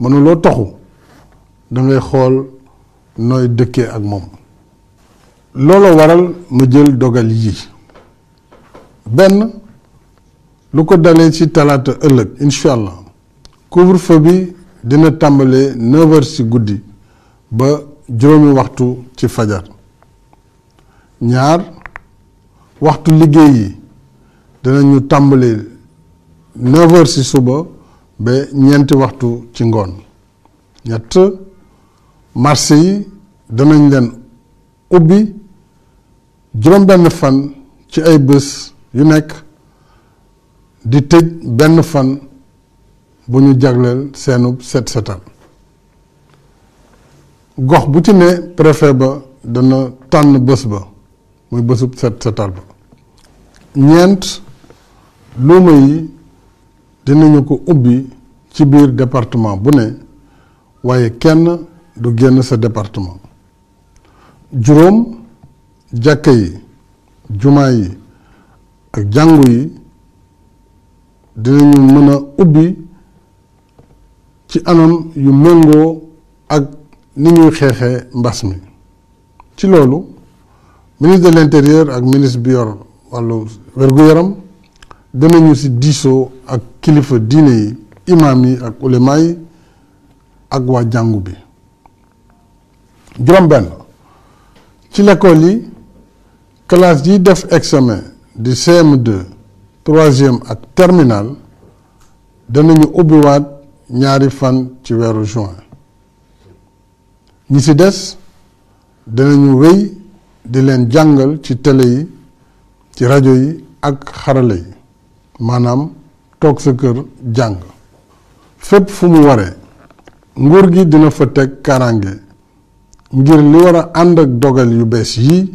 mënuloo toxu da xool nooy dëkkee ak moom looloo waral ma jël dogal yii benn lu ko dalee ci talaata ëllëg incha allah couvre-feu bi dina tàmbalee neuf heures ci guddi ba juróomi waxtu ci fajar ñaar waxtu liggéey yi dinañu tàmbalee neuf heures ci suba ba ñeenti waxtu ci ngoon ñett marché yi danañ leen ubbi juróom-benn fan ci ay bés yu nekk di tëj benn fan bu ñu jagleel seenub set setal gox bu ci ne préfet ba dana tànn bés ba muy bésub set setal ba ñeent luuma yi dinañu ko ubbi ci biir département bu ne waaye kenn du génn sa département juróom jàkk yi jumaa yi ak jàngu yi dinañu mën a ubbi ci anam yu méngoo ak ni ñuy xeexee mbas mi ci loolu ministre de l'intérieur ak ministre biyor yor wàllu wérgu yaram dinañu si diisoo ak kilifa diine yi imaam yi ak ulema yi ak waa jàngu bi juróom ci lekkool yi classe yi def examen di CM2 troisième ak terminal danañu ubbiwaat ñaari fan ci weeru juin ñi ci des danañu wéy di leen jàngal ci télé yi ci rajo yi ak xarala yi maanaam toog sa kër jàng fépp fu mu waree nguur gi dina fa teg karange ngir li war a ànd ak dogal yu bees yii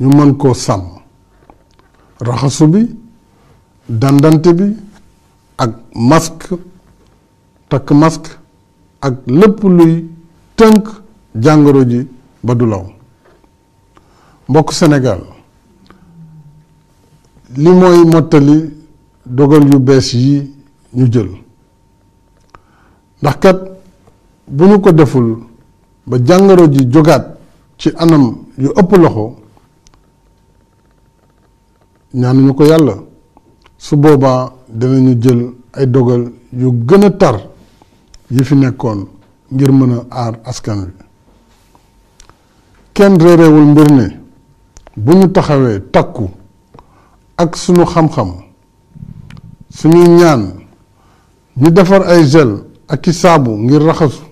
ñu mën koo sàmm raxasu bi dandante bi ak masque takk masque ak lépp luy tënk jàngoro ji ba du law mbokk Sénégal li mooy mottali dogal yu bees yi ñu jël ndax kat bu ñu ko deful ba jàngoro ji jógaat ci anam yu ëpp loxo ñaanuñu ko yàlla su boobaa ñu jël ay dogal yu gën a tar yi fi nekkoon ngir mën a aar askan wi kenn réeréewul mbir ne bu ñu taxawee takku ak sunu xam-xam suñuy ñaan ñu defar ay gel ak ci saabu ngir raxasu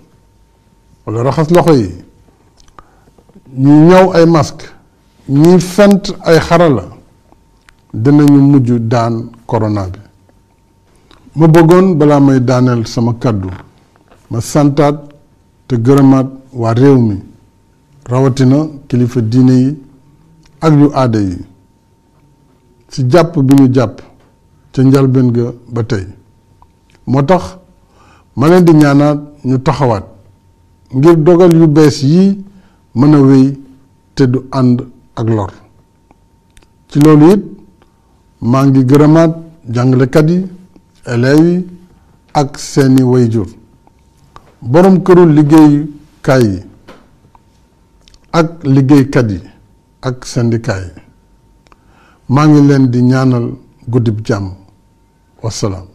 wala raxas loxo yi ñu ñaw ay masque ñuy fent ay xarala dinañu mujj daan corona bi ma bëggoon bala may daaneel sama kàddu ma santaat te gërëmaat waa réew mi rawatina kilifa diine yi ak ñu aada yi ci jàpp bi ñu jàpp ca njalbeen ga ba tey moo tax ma leen di ñaanaat ñu taxawaat ngir dogal yu bees yi mën a wéy te du ànd ak lor ci loolu it maa ngi gërëmaat jàngalekat yi élèves yi ak seeni wayjur boroom këru liggéeykaay yi ak liggéeykat yi ak sendikaay yi maa ngi leen di ñaanal guddib jàmm wasalaam